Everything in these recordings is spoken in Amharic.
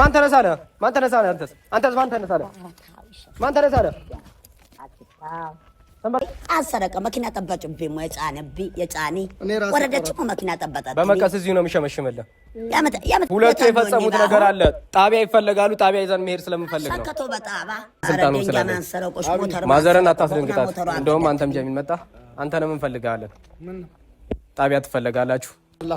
ማን ተነሳለ? ማን ተነሳለ? አንተስ አንተስ ማን ተነሳለ? ማን ተነሳለ? አሰረቀ መኪና ጠበጭብኝ። የጫነብኝ የጫኔ ወረደች እኮ መኪና ጠበጠች። በመቀስ እዚሁ ነው የሚሸመሽምልህ። ሁለቱ የፈጸሙት ነገር አለ። ጣቢያ ይፈለጋሉ። ጣቢያ ይዘን መሄድ ስለምንፈልግ ነው። ስልጣኑ ስላለ ማዘረን አታስደንግጣት። እንደውም አንተም ጀሚል መጣ። አንተንም እንፈልጋለን። ጣቢያ ትፈለጋላችሁ።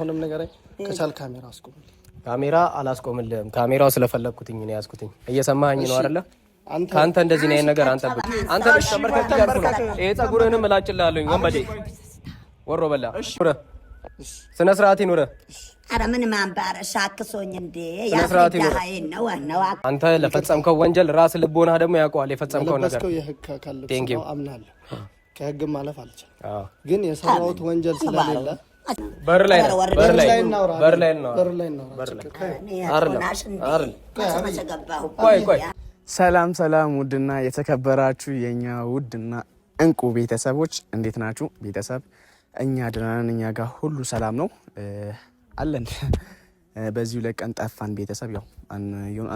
ሁንም ነገር ከቻል ካሜራ አስቁምልኝ ካሜራ አላስቆምልህም። ካሜራው ስለፈለግኩትኝ ነው ያዝኩትኝ። እየሰማኸኝ ነው አይደለ? ከአንተ እንደዚህ ነው ነገር አንተ አንተ ተመርከት ያልኩ ነው። ይሄ ጸጉርህንም እላጭልሃለሁኝ ወንበዴ ወሮ በላ ስነ ስርዓት ይኑረ። አረ ምን ማንባረ ሻክሶኝ እንዴ ስነ ስርዓት ይኑረ። አንተ ለፈጸምከው ወንጀል ራስ ልቦና ደግሞ ያውቀዋል። የፈጸምከው ነገር አምናለሁ። ከህግ ማለፍ አልችልም፣ ግን የሰራሁት ወንጀል ስለሌለ በር ላይ በር ላይ በር ላይ በር ላይ ሰላም ሰላም፣ ውድና የተከበራችሁ የእኛ ውድና እንቁ ቤተሰቦች እንዴት ናችሁ? ቤተሰብ እኛ ደህና ነን፣ እኛ ጋር ሁሉ ሰላም ነው አለን። በዚሁ ለቀን ጠፋን ቤተሰብ። ያው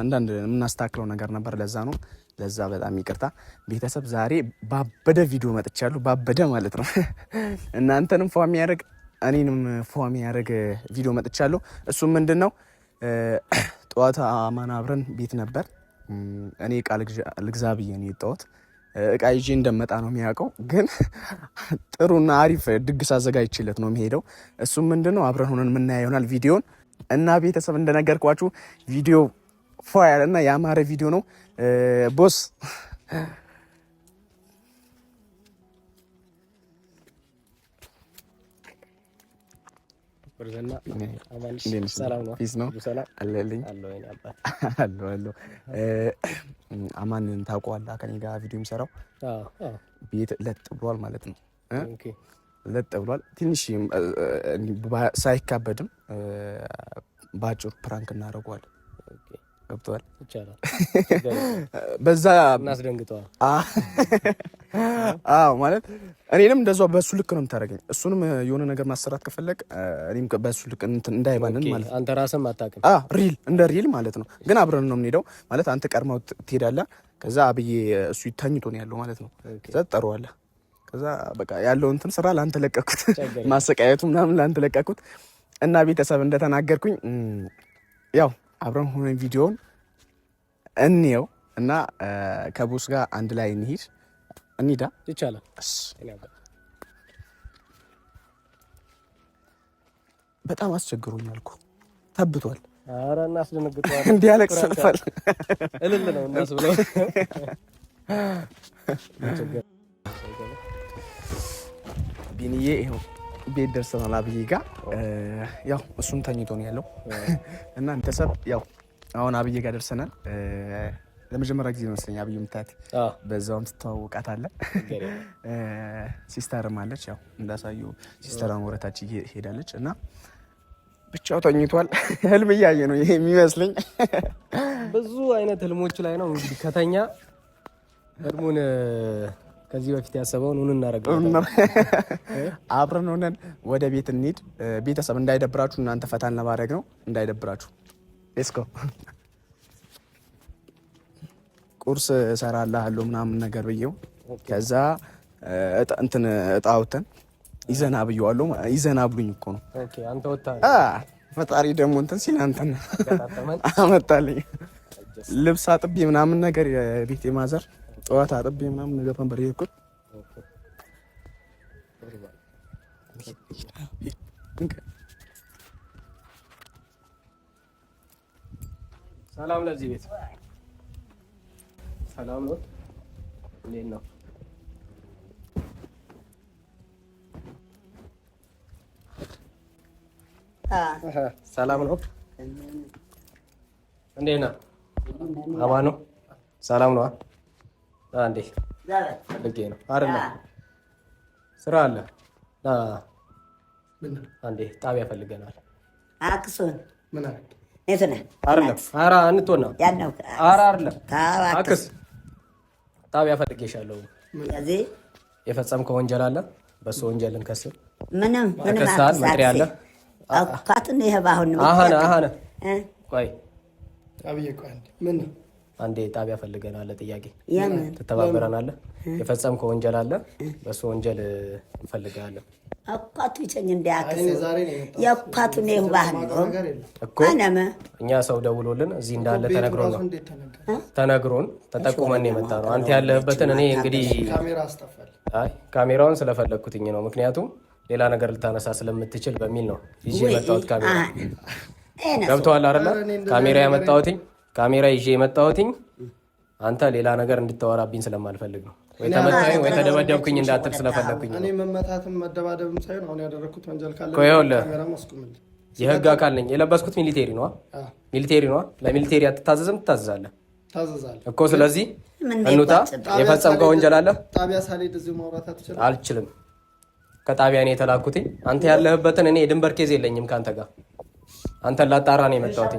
አንዳንድ የምናስተካክለው ነገር ነበር፣ ለዛ ነው ለዛ በጣም ይቅርታ ቤተሰብ። ዛሬ ባበደ ቪዲዮ መጥቻለሁ፣ ባበደ ማለት ነው እናንተንም ፏ የሚያደርግ እኔንም ፏሚ ያደረገ ቪዲዮ መጥቻለሁ። እሱም ምንድን ነው ጠዋት አማን አብረን ቤት ነበር። እኔ እቃ ልግዛ ብዬ ነው እቃ ይዤ እንደመጣ ነው የሚያውቀው፣ ግን ጥሩና አሪፍ ድግስ አዘጋጅችለት ነው የሚሄደው። እሱም ምንድን ነው አብረን ሆነን የምናየው ይሆናል ቪዲዮን እና ቤተሰብ እንደነገርኳችሁ ቪዲዮ ፏ ያለና የአማረ ቪዲዮ ነው ቦስ አማንን ታውቀዋለህ? ከኔ ጋር ቪዲዮ የሚሰራው ቤት ለጥ ብሏል ማለት ነው። ለጥ ብሏል ትንሽ ሳይካበድም በአጭሩ ፕራንክ እናደርገዋለን ገብተዋል። በዛ እናስደንግጠዋል። አዎ ማለት እኔንም እንደዛ በእሱ ልክ ነው የምታደርገኝ። እሱንም የሆነ ነገር ማሰራት ከፈለግ እኔም በእሱ ልክ እንዳይባንን ማለት ነው። አንተ ራስህም አታውቅም። ሪል እንደ ሪል ማለት ነው። ግን አብረን ነው የምንሄደው ማለት አንተ ቀድመው ትሄዳለህ። ከዛ አብዬ እሱ ተኝቶ ነው ያለው ማለት ነው። ከዛ ትጠራዋለህ። ከዛ በቃ ያለው እንትን ስራ ለአንተ ለቀኩት፣ ማሰቃየቱ ምናምን ለአንተ ለቀኩት እና ቤተሰብ እንደተናገርኩኝ ያው አብረን ሆነን ቪዲዮን እንየው እና ከቦስ ጋር አንድ ላይ እንሂድ እንሂዳ ይቻላል። በጣም አስቸግሮኛል እኮ ተብቷል። ኧረ እናስደነግጠዋለን። እንዲያለቅስ ሰልፋል እልል ነው እናስ ብለው ቢንዬ ይኸው ቤት ደርሰናል። አብዬ ጋር ያው እሱም ተኝቶ ነው ያለው እና እንተሰብ ያው አሁን አብዬ ጋር ደርሰናል። ለመጀመሪያ ጊዜ መስለኝ አብዬ ምታት በዛውም ትተዋወቃት አለ ሲስተርም አለች። ያው እንዳሳዩ ሲስተራን ወረታች ሄዳለች እና ብቻው ተኝቷል። ህልም እያየ ነው ይሄ የሚመስለኝ። ብዙ አይነት ህልሞች ላይ ነው እንግዲህ ከተኛ ህልሙን ከዚህ በፊት ያሰበውን ሁን እናደርገዋለን። አብረን ሆነን ወደ ቤት እንሂድ። ቤተሰብ እንዳይደብራችሁ፣ እናንተ ፈታን ለማድረግ ነው እንዳይደብራችሁ። ስኮ ቁርስ እሰራልሃለሁ ምናምን ነገር ብዬው ከዛ እንትን እጣ አውጥተን ይዘና ብየዋለሁ። ይዘና ብሉኝ እኮ ነው ፈጣሪ ደግሞ እንትን ሲል አንተን አመጣልኝ ልብስ አጥቤ ምናምን ነገር ቤቴ ማዘር ጠዋት አጥቤ ምናምን ነገር ነበር የሄድኩት። ሰላም ለዚህ ቤት ሰላም ነው። እንዴት ነው? ሰላም ነው። እንዴት ነው? አማን ነው። ሰላም ነው። አንዴ ፈልጌ ስራ አለ። አንዴ ጣቢያ ፈልገናል። አክሱን ምን አለ? አክስ ጣቢያ ፈልጌሻለሁ። የፈጸምከው ወንጀል አለ። በእሱ ወንጀል እንከስል ምንም ምንም አለ አሁን ቆይ ምን አንዴ ጣቢያ ፈልገናለ ጥያቄ ትተባበረናለ የፈጸምከው ወንጀል አለ፣ በሱ ወንጀል እንፈልግሃለን። አኳቱ ይቸኝ እንዳያክል የአኳቱ ነው ባህል ነው እኛ ሰው ደውሎልን እዚህ እንዳለ ተነግሮ ነው ተነግሮን ተጠቁመን የመጣ ነው። አንተ ያለህበትን እኔ እንግዲህ ካሜራውን ስለፈለግኩትኝ ነው፣ ምክንያቱም ሌላ ነገር ልታነሳ ስለምትችል በሚል ነው ይዤ የመጣሁት ካሜራ። ገብተዋል አይደለ? ካሜራ ያመጣሁትኝ ካሜራ ይዤ የመጣሁትኝ አንተ ሌላ ነገር እንድታወራብኝ ስለማልፈልግ ነው። ወይ ተመታኝ ወይ ተደበደብኩኝ እንዳትል ስለፈለግኩኝ እኔ መመታትም መደባደብም ሳይሆን አሁን ያደረግኩት ወንጀል ካለ የህግ አካል ነኝ። የለበስኩት ሚሊቴሪ ነዋ፣ ሚሊቴሪ ነዋ። ለሚሊቴሪ አትታዘዝም? ትታዘዛለህ እኮ። ስለዚህ እንውጣ። የፈጸምከው ወንጀል አለ። ጣቢያ ሳልሄድ እዚሁ ማውራት አልችልም። ከጣቢያ እኔ የተላኩትኝ አንተ ያለህበትን እኔ የድንበር ኬዝ የለኝም ከአንተ ጋር አንተን ላጣራ ነው የመጣሁት።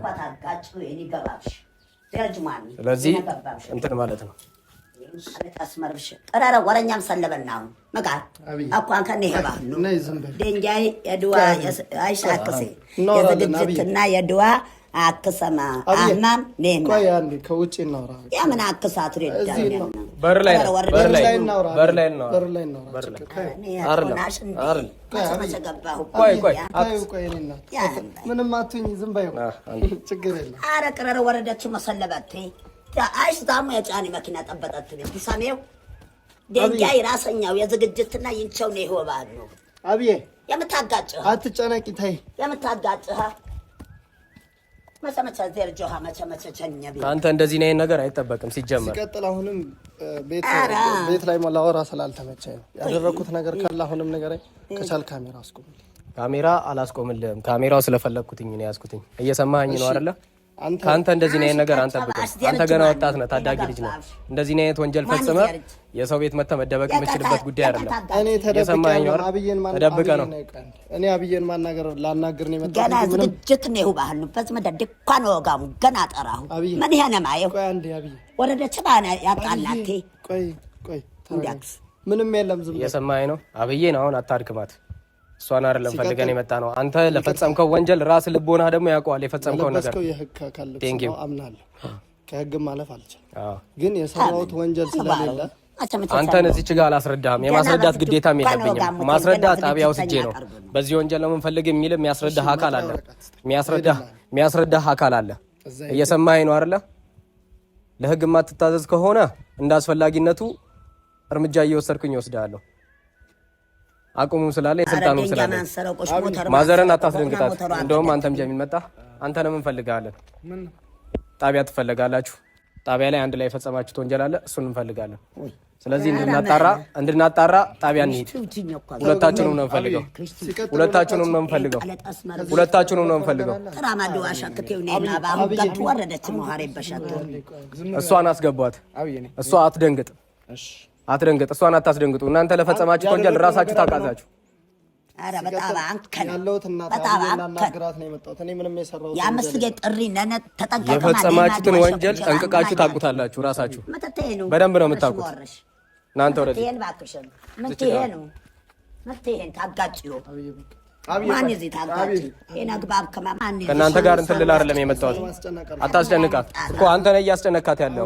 ስለዚህ እንትን ማለት ነው ጠረረ ወረኛም ሰለበና መቃር አኳን ከኔ ይባሉ ድንጋይ የድዋ አይሻክሴ የዝግጅትና የድዋ አክሰማ አማም ሌና ቆይ ከውጭ እናውራ። ያ ምን አክሳት በር ላይ በር ላይ እናውራ በር ላይ እናውራ በር ላይ እናውራ ምንም አትሁኝ፣ ዝም በይው፣ ችግር የለም። ኧረ ቅረረ ወረደች መሰለበት አይሽ ዳሙ የጫኒ መኪና ጠበጠት ነው ሰሜው ደንጋይ ራሰኛው የዝግጅትና ይንቸው ነው ይሆባሉ። አብዬ የምታጋጭህ አትጨነቂ፣ ተይ የምታጋጭህ ከአንተ እንደዚህ ነው ነገር አይጠበቅም። ሲጀመር ሲቀጥል አሁንም ቤት ላይ ላወራ ስላልተመቸኝ ያደረግኩት ነገር ካለ አሁንም ነገር ከቻል ካሜራ አስቆምልኝ። ካሜራ አላስቆምልም። ካሜራው ስለፈለግኩትኝ ነው ያዝኩትኝ። እየሰማኸኝ ነው አይደለ? ከአንተ እንደዚህ አይነት ነገር አንጠብቅም። አንተ ገና ወጣት ነህ፣ ታዳጊ ልጅ ነህ። እንደዚህ አይነት ወንጀል ፈጽመ የሰው ቤት መጥተህ መደበቅ የምችልበት ጉዳይ አይደለም። እኔ ተደብቀ ነው። እኔ አብዬን ማናገር ላናግር ነው የመጣሁት። ገና ዝግጅት ነው ባህሉ ፈጽመ ነው ወጋሙ ገና ጠራሁ ምን ያነ ማየው ወረደ ችባና ያጣላቴ ቆይ ቆይ፣ ምንም የለም። ዝም የሰማኸኝ ነው። አብዬን አሁን አታድክማት። እሷን አይደለም ፈልገን የመጣ ነው። አንተ ለፈጸምከው ወንጀል ራስ ልቦና ደግሞ ያውቀዋል የፈጸምከው ነገር አምናለሁ። ከህግም ማለፍ አልቻልም፣ ግን የሰራሁት ወንጀል ስለሌለ አንተን እዚች ጋር አላስረዳህም። የማስረዳት ግዴታም የለብኝም። ማስረዳ ጣቢያ ውስጄ ነው። በዚህ ወንጀል ነው የምንፈልግ የሚል የሚያስረዳህ አካል አለ፣ የሚያስረዳህ አካል አለ። እየሰማኸኝ ነው አይደለ? ለህግ የማትታዘዝ ከሆነ እንደ አስፈላጊነቱ እርምጃ እየወሰድኩኝ እወስድሃለሁ። አቁሙም ስላለ የስልጣኑም ስላለ ማዘረን አታስደንግጣት። እንደውም አንተም ጀሚል መጣ። አንተንም እንፈልጋለን። ጣቢያ ትፈልጋላችሁ። ጣቢያ ላይ አንድ ላይ የፈጸማችሁት ወንጀል አለ። እሱን እንፈልጋለን። ስለዚህ እንድናጣራ እንድናጣራ ጣቢያ እንሂድ። ሁለታችሁንም ነው እንፈልገው። ሁለታችሁንም ነው እንፈልገው። ሁለታችሁንም ነው እንፈልገው። እሷን አስገቧት። እሷ አትደንግጥ። አትደንግጥ፣ እሷን አታስደንግጡ። እናንተ ለፈጸማችሁ ወንጀል ራሳችሁ ታውቃላችሁ። ኧረ በጣም አንከን በጣም አንከን። የአምስት ጌ ጥሪ የፈጸማችሁትን ወንጀል ጠንቅቃችሁ ታውቁታላችሁ። ራሳችሁ በደንብ ነው የምታውቁት እናንተ ወረድ ከእናንተ ጋር እንትን ልል አይደለም የመጣሁት። አታስጨንቃት እኮ አንተ ነህ እያስጨነካት ያለው።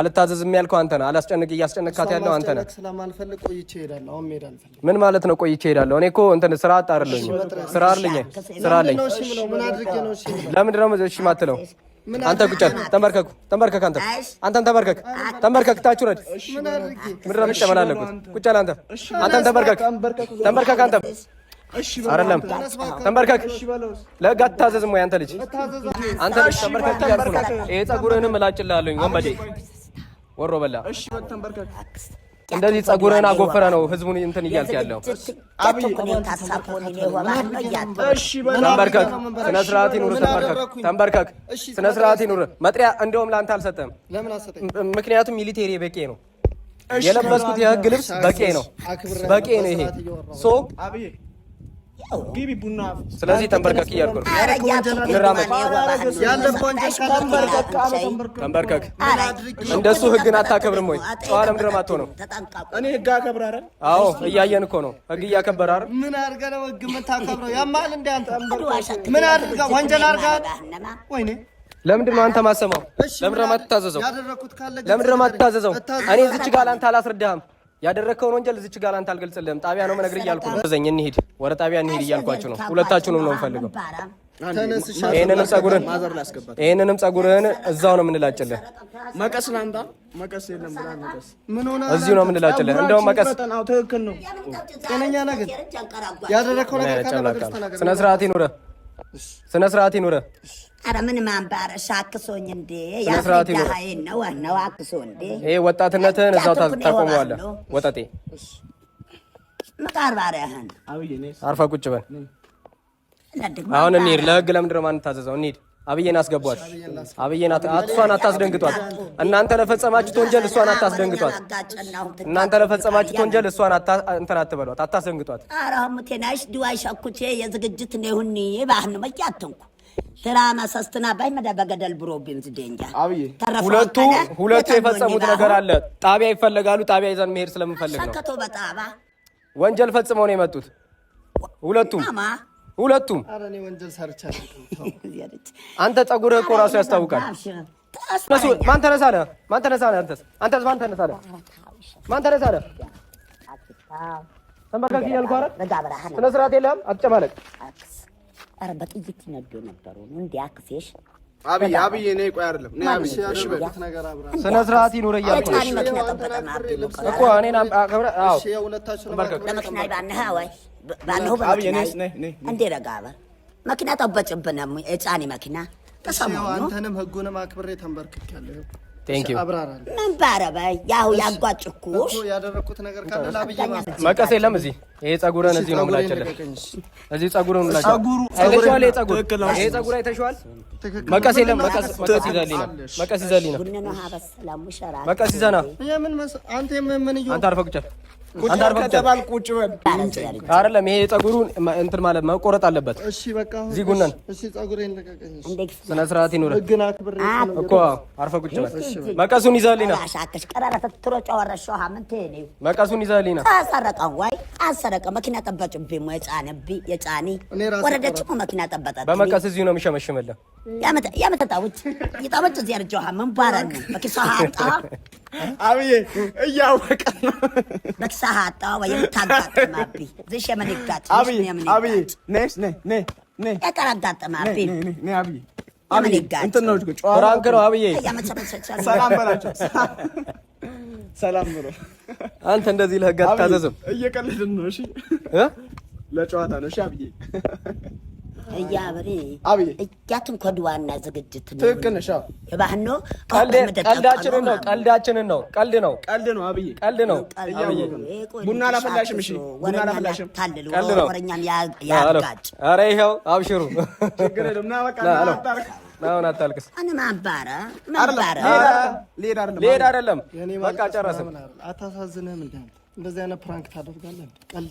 አልታዘዝም ያልከው አንተ ነህ። አላስጨንቅ እያስጨነካት ያለው አንተ ነህ። ምን ማለት ነው? ቆይቼ እሄዳለሁ። እኔ እኮ እንትን ስራ አጣ አይደለሁኝ። ስራ አለኝ፣ ስራ አለኝ። ለምንድን ነው እሺ የማትለው? አንተ ቁጫት ተንበርከክ፣ ተንበርከክ፣ አንተ አንተን ተንበርከክ፣ ተንበርከክ፣ ታች ውረድ። ምድረ ምጨመላለኩት የምትጨመላለቁት? ቁጫ አንተ አንተን ተንበርከክ፣ ተንበርከክ አንተ አይደለም ተንበርከክ፣ ለህግ አትታዘዝም ወይ አንተ ልጅ? አንተ ልጅ ተንበርከክ እያልኩ ነው። ይሄ ፀጉርህንም እላጭልሃለሁኝ ወንበዴ ወሮ በላ። እሺ ተንበርከክ። እንደዚህ ፀጉርህን አጎፈረ ነው ህዝቡን እንትን እያልክ ያለው። ተንበርከክ፣ ስነ ስርዓት ይኑር። ተንበርከክ፣ ተንበርከክ፣ ስነ ስርዓት ይኑር። መጥሪያ እንደውም ለአንተ አልሰጠህም፣ ምክንያቱም ሚሊቴሪ በቄ ነው የለበስኩት የህግ ልብስ በቄ ነው፣ በቄ ነው ይሄ ሶ ቢቢ ቡና ስለዚህ ተንበርከክ እያልኩ ተንበርከክ። እንደሱ ህግን አታከብርም ወይ? ጨዋ ለምንድን ነው እኔ ህግ አከብራለሁ። አዎ እያየን እኮ ነው። ህግ እያከበረ አይደል? ምን አድርገህ ነው ህግ የምታከብረው? ያማል እንደ አንተ ምን አድርገህ ወንጀል አድርገህ? ወይኔ ለምንድን ነው አንተ ማሰማው? ለምንድን ነው የማትታዘዘው? ለምንድን ነው የማትታዘዘው? እኔ እዚች ጋር ለአንተ አላስረዳህም ያደረከውን ወንጀል እዚች ጋር አንተ አልገልጽልህም። ጣቢያ ነው መነግር እያልኩ ነው። ዘኝ እንሂድ፣ ወደ ጣቢያ እንሂድ እያልኳችሁ ነው። ሁለታችሁንም ነው የምፈልገው። ይህንንም ጸጉርን ይህንንም ጸጉርን እዛው ነው የምንላጭልህ። መቀስ ላምጣ። መቀስ የለም ብላ መቀስ እዚሁ ነው የምንላጭልህ። እንደውም መቀስ ትክክል ነው። ጤነኛ ነገር ያደረከው ነገር ስነ ስርዓት ይኑረ፣ ስነ ስርዓት ይኑረ። አረ ምን ማንባረሻ አክሶ እንዴ ያስረዳኸኝ ነው ነው አክሶ እንዴ ይሄ ወጣትነትህን እዛው ታቆመዋለህ። ወጠጤ መቃር ባሪያህን አርፈህ ቁጭ በል። አሁን እንሂድ። ለህግ ለምንድን ነው የማንታዘዘው? እንሂድ። አብዬን አስገቧት። አብዬን እሷን አታስደንግጧት። እናንተ ለፈጸማችሁት ወንጀል እሷን አታስደንግጧት። እናንተ ለፈጸማችሁት ወንጀል እሷን እንትን አትበሏት፣ አታስደንግጧት። አራሙቴናሽ የዝግጅት ባህን ስራማ ሰስትና ባይ በገደል ብሮ ብሮብን ዝደንጃ አብይ ሁለቱ ሁለቱ የፈጸሙት ነገር አለ። ጣቢያ ይፈለጋሉ። ጣቢያ ይዘን መሄድ ስለምንፈልግ ነው። ወንጀል ፈጽመው ነው የመጡት ሁለቱም ሁለቱም። አንተ ጸጉር እኮ ራሱ ያስታውቃል። ማን ተነሳ ነህ? ማን ተነሳ አንተስ አንተስ ማን ተነሳ ማን ተነሳ ነህ? ተንበርካክ እያልኩህ ስነ ስርዓት የለህም። አትጨማለቅ ኧረ በጥይት ይነዱ የነበሩ እንዲያ ክፌሽ አብይ አብይ እኔ ቆይ አይደለም እኔ አብይ ያሽበት ነገር ስነ ስርዓት ይኑር እያልኩ እኮ እኔን አከብረ አዎ እሺ የሁለታችን በርከክ ለመኪና ይባነህ ወይ ባነሁ በመኪና እንዴ ረጋበ መኪና ጠበጭብንም የጫኒ መኪና ተሰማሁ። አንተንም ህጉንም አክብሬ ተንበርክኬያለሁ። ምን ባረበ ያው ያጓጭኩሽ ያደረኩት ነገር ካለ መቀስ የለም። እዚህ ይሄ ጸጉረን እዚህ ነው የምላቸልህ። እዚህ ጸጉረን ጸጉር አይተሽዋል። መቀስ የለም። መቀስ ይዘህልኝ ነው። መቀስ ይዘህልኝ ነው። መቀስ ይዘህ ና አንተ ከተባል ቁጭ በል አይደለም። ይሄ የፀጉሩን እንትን ማለት መቆረጥ አለበት። እሺ በቃ እዚህ ጉናን ስነ ስርዓት ይኖረ እኮ አርፈ ቁጭ በል። መቀሱን ይዛልና መቀሱን ይዛልና አሰረቀ መኪና ጠበጭብኝ የጫነብኝ የጫኔ ወረደች እኮ መኪና ጠበጠ። በመቀስ እዚሁ ነው የሚሸመሽምልህ። ያመጣ ያመጣ ውጭ ይጣመጭ እዚህ ያርጀው ሀመን ባረን መኪና ሀምጣ አብዬ እያወቀ በተሳሃጣ ወይም ታጋጠማብኝ ዝሽ የምንጋጥ አብዬ ነስ ነ ነ ነ ያቀራጋጠማብኝ እንትን ነው ጭራንክ ነው። አብዬ ሰላም በላቸው። ሰላም ብሎ አንተ እንደዚህ ለህግ አትታዘዝም። እየቀለድን ነው። እሺ ለጨዋታ ነው። እሺ አብዬ እያቱን ኮድ ዋና ዝግጅት ትክክል ነሽ። የባህል ነው ቀልዳችንን ነው ቀልዳችንን ነው ቀልድ ነው ቀልድ ነው ቀልድ ነው። ቡና አላፈላሽም? እሺ ቡና አላፈላሽም? ቀልድ ነው። ያጋጭ። ኧረ ይኸው አብሽሩ። አሁን አታልቅስ። አይደለም በቃ ጨረስን። አታሳዝንህም? እንደዚህ አይነት ፕራንክ ታደርጋለህ? ቀልድ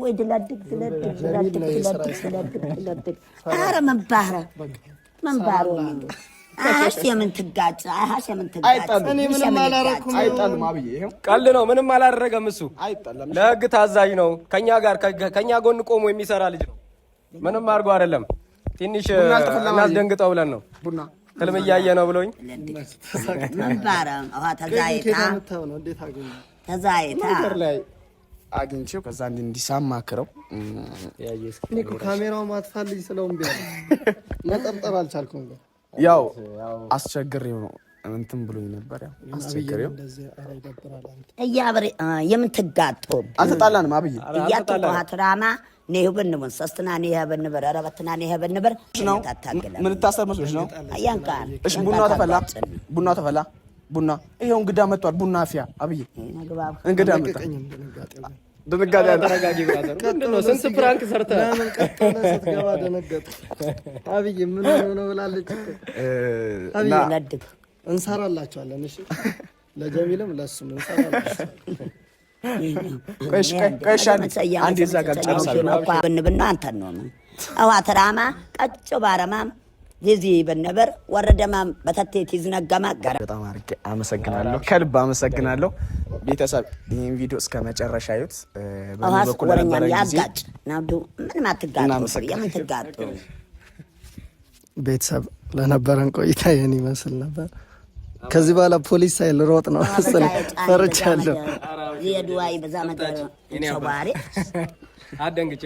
ወይ ድላድግ ድላድግ ድላድግ ድላድግ ድላድግ ድላድግ። ኧረ አሽ የምን ትጋጭ አሽ የምን ትጋጭ። ቀልድ ነው። ምንም አላደረገም እሱ። ለህግ ታዛዥ ነው። ከኛ ጋር ከኛ ጎን ቆሞ የሚሰራ ልጅ ነው። ምንም አድርጎ አይደለም። ትንሽ እናስደንግጠው ብለን ነው ቡና ህልም እያየ ነው ብሎኝ ተዛይታ ተዛይታ አግኝቼው ከዛ አንድ እንዲሳማክረው ካሜራው ማጥፋት ልጅ ስለው መጠርጠር አልቻልኩም። ያው አስቸግሬው ነው እንትን ብሎኝ ነበር። አስቸግሬው እያብሬ የምትጋጦብ አልተጣላንም። አብይ እያጥቆሃት ራማ ኔሁ ብንሙን ሶስትና ኔ ብንበር ረበትና ኔ ብንበር ነው ምንታሰር መስሎች ነው። ቡና ተፈላ ቡና ተፈላ ቡና ይሄው እንግዳ መጥቷል። ቡና አፍያ አብይ እንግዳ መጥቷል። ድንጋጤ ተረጋጊ። ስንት ፕራንክ ሰርተ ለምን ስትገባ ደነገጥ። አብይ ምን ሆነ ብላለች። አብዬ እንሰራላችኋለን። እሺ ለጀሚልም ለሱም እንሰራላችኋለን። አንዴ ዛ ጋር ጨርሳለሁ ብንብና ነው አዋ ተራማ ባረማም ዚ በነበር ወረደማ በተቴት ይዝነጋማ ጋር በጣም አድርጌ አመሰግናለሁ፣ ከልብ አመሰግናለሁ። ቤተሰብ ይህን ቪዲዮ እስከ መጨረሻ ዩት ወረኛም ያጋጭ ናብዱ ምንም አትጋጡ ትጋጡ ቤተሰብ ለነበረን ቆይታ ይህን ይመስል ነበር። ከዚህ በኋላ ፖሊስ ሳይል ሮጥ ነው መሰለ ፈርቻለሁ። የድዋይ በዛ መጠ ሰባሪ አደንግጫ